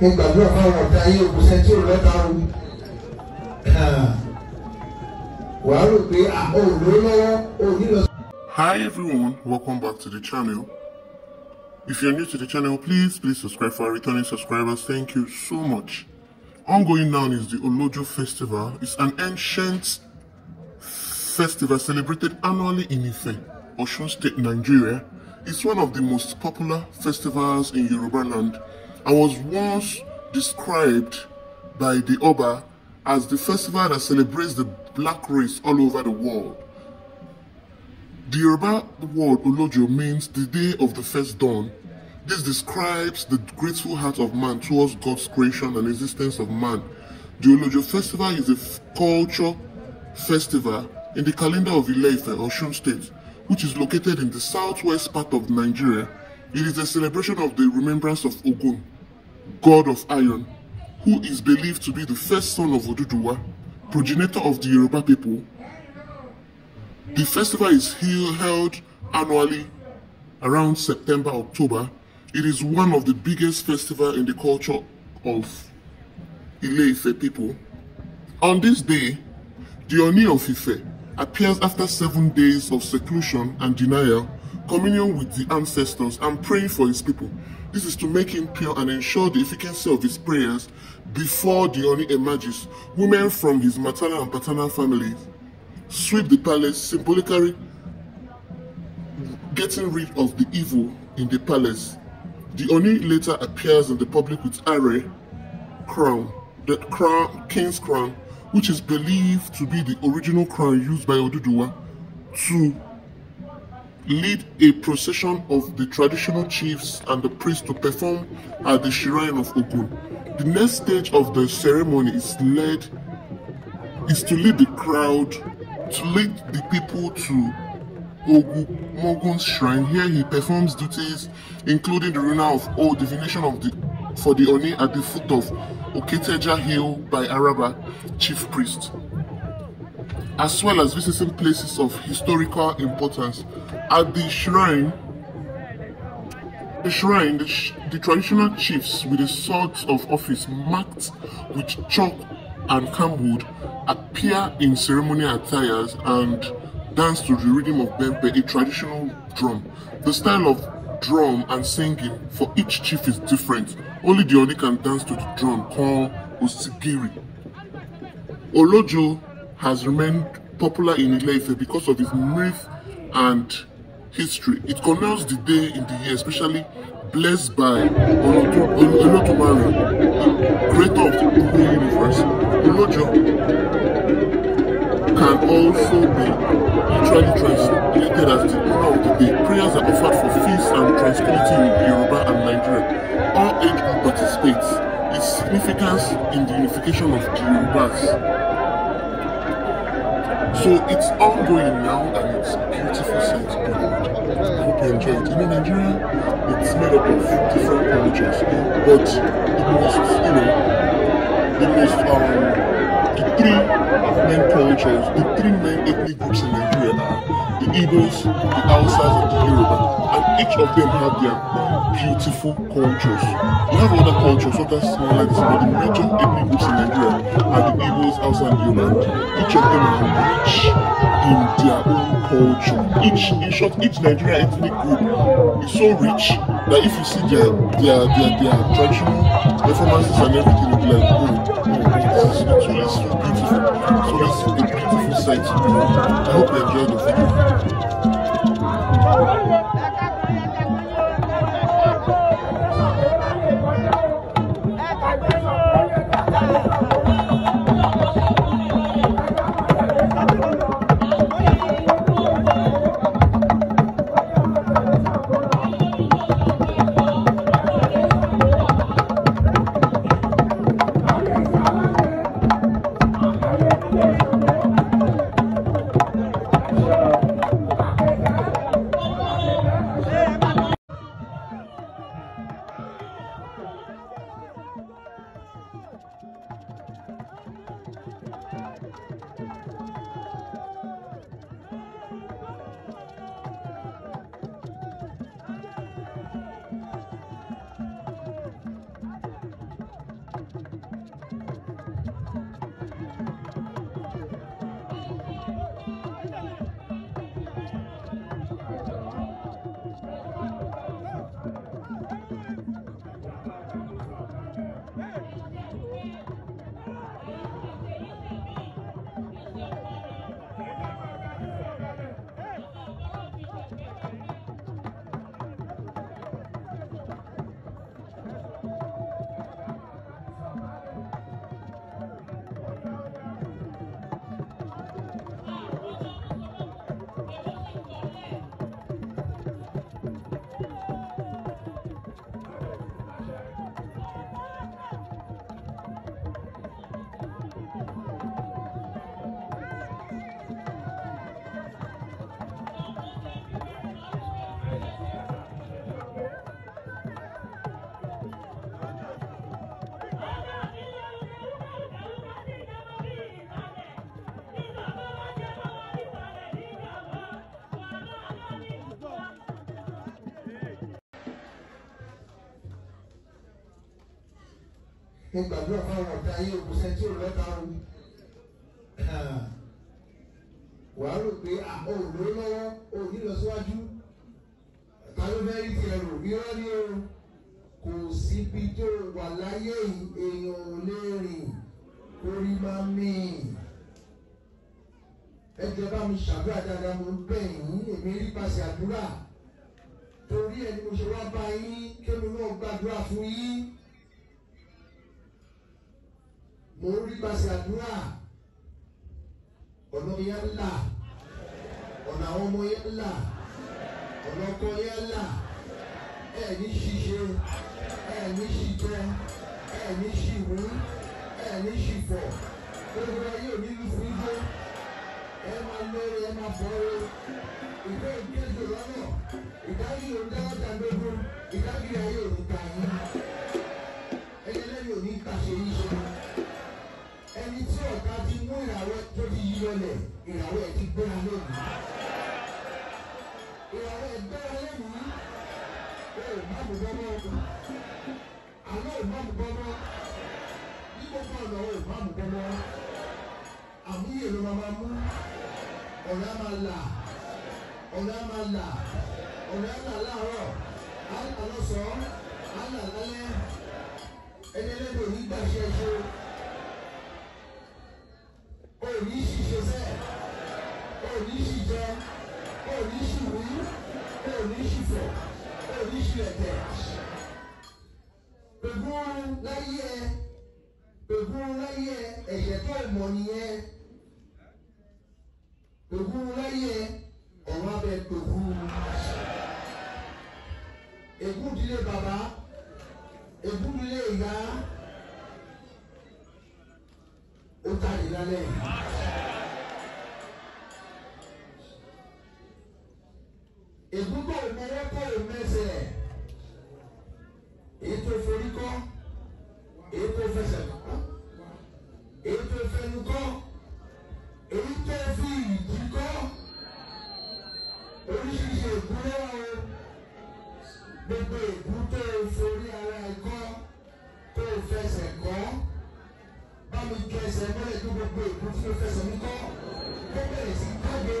ọ̀tá yín rò pé àwọn Hi everyone, welcome back to the channel. If you're new to the channel, please, please subscribe for our returning subscribers. Thank you so much. Ongoing now is the Olojo Festival. It's an ancient festival celebrated annually in Ife, Osun State, Nigeria. It's one of the most popular festivals in Yoruba land I was once described by the Oba as the festival that celebrates the black race all over the world. The Yoruba word Olojo means the day of the first dawn. This describes the grateful heart of man towards God's creation and existence of man. The Olojo festival is a culture festival in the calendar of Ileife, Osun State, which is located in the southwest part of Nigeria it is a celebration of the remembrance of Ogun, god of iron, who is believed to be the first son of Oduduwa, progenitor of the Yoruba people. The festival is held annually around September, October. It is one of the biggest festivals in the culture of Ile-Ife people. On this day, the Oni of Ife appears after seven days of seclusion and denial communion with the ancestors, and praying for his people. This is to make him pure and ensure the efficacy of his prayers before the Oni emerges. Women from his maternal and paternal families sweep the palace, symbolically getting rid of the evil in the palace. The Oni later appears in the public with array crown, the crown, king's crown, which is believed to be the original crown used by Oduduwa to lead a procession of the traditional chiefs and the priests to perform at the shrine of Ogun. The next stage of the ceremony is led is to lead the crowd, to lead the people to Ogun Mogun's shrine. Here he performs duties including the renal of all divination of the for the Oni at the foot of Oketeja Hill by Araba, chief priest as well as visiting places of historical importance. At the shrine, the shrine, the, sh the traditional chiefs with a sort of office marked with chalk and camwood appear in ceremonial attires and dance to the rhythm of bembe, a traditional drum. The style of drum and singing for each chief is different. Only the only can dance to the drum called osigiri. Olojo has remained popular in ile because of its myth and history. It connotes the day in the year, especially blessed by Olotumare, creator of the Ugbo universe. Olojo can also be literally translated as the owner of the day. Prayers are offered for peace and tranquility in Yoruba and Nigeria. All age group participates. Its significance in the unification of the Yorubas so it's ongoing now and it's beautiful sight to I hope you enjoy it. You know, Nigeria, it's made up of different cultures, but the most, you know, the most, um, the three main cultures, the three main ethnic groups in Nigeria are the Igbos, the Hausas, and the Yoruba. And each of them have their beautiful cultures. We have other cultures, other small like this, but the major ethnic groups in Nigeria are the Igbos, Hausa, and Yoruba. Each of them are rich in their own culture. Each, in short, each Nigerian ethnic group is so rich that if you see their their their, their traditional performances and everything, you'll be like, oh, oh, this is so so that's beautiful sight. I hope you enjoyed the video. mo gbàdúrà fáwọn ọ̀tá ayé òkúsẹ́ tí ò lọ́ta o wàá rò pé àpò òlò lọ́wọ́ òní lọ síwájú ta ló fẹ́ rí tiẹ̀ rò irọ́ ni o kò síbi tó wà láyé èèyàn ò lè rìn orí máa mí ẹ jẹ́ bá mi ṣàdúrà dáadáa mo bẹ̀ yín èmi rí pàṣẹ àdúrà torí ẹni mo ṣe wá bá yín kémi náà gbàdúrà fún yín mo ń rí gbàsẹ̀ àdúrà ọ̀nà mi yẹn ńlá ọ̀nà àwọn ọmọ yẹn ńlá ọ̀nà ọkọ yẹn ńlá ẹ̀ ní ṣíṣe ẹ̀ ní ṣíjẹ ẹ̀ ní ṣíwú ẹ̀ ní ṣífọ̀ gbogbo ayé òní ní fúnjẹ ẹ máa lóore ẹ máa bọ̀ọ́rọ̀ ìfẹ́ ìgbésẹ̀ lọ́nà ìdájí òun dáwọ́ta lógún ìdájí ayé òun tà yín. ìmáàmù gbọ́dọ̀ àwọn ìmáàmù gbọ́dọ̀ ní gbogbo ọ̀nà àwọn ìmáàmù gbọ́dọ̀ àmúyè ló máa mú ọ̀rẹ́ máa là ọ̀rẹ́ máa là ọ̀rẹ́ là láàárọ̀ àlà lọ́sàn-án àlà lálẹ́ ẹni ẹlẹ́dọ̀ yìí gbàṣẹ ṣe òní oníṣu ẹ̀dẹ̀ gbogbo láyé gbogbo láyé ẹ̀ṣẹ̀ tó mọ̀ nìyẹn gbogbo láyé ọ̀rọ̀ abẹ gbogbo ègún ìdílé bàbá ègún ìdílé ìyá ó tàdé lálẹ́ yìí. èyí tó forí kọ́ èyí tó fẹsẹ̀ kọ́ èyí tó fẹnu kọ́ èyí tó fi ìdí kọ́ oríṣiríṣi ìkúrẹ́ o gbogbo ìkú tó forí ara ẹ̀ tó fẹsẹ̀ kọ́ bá kẹsẹ̀ mọ́lẹ̀ tó gbogbo ìkú tí mo mú kọ́ tó bẹ̀rẹ̀ sí jáde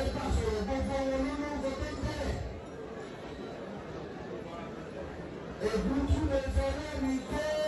ẹ bá sọ̀rọ̀ gbogbo wọn lólóńgbò tó ń bẹ̀rẹ̀. Ebutu Eferemi Kee.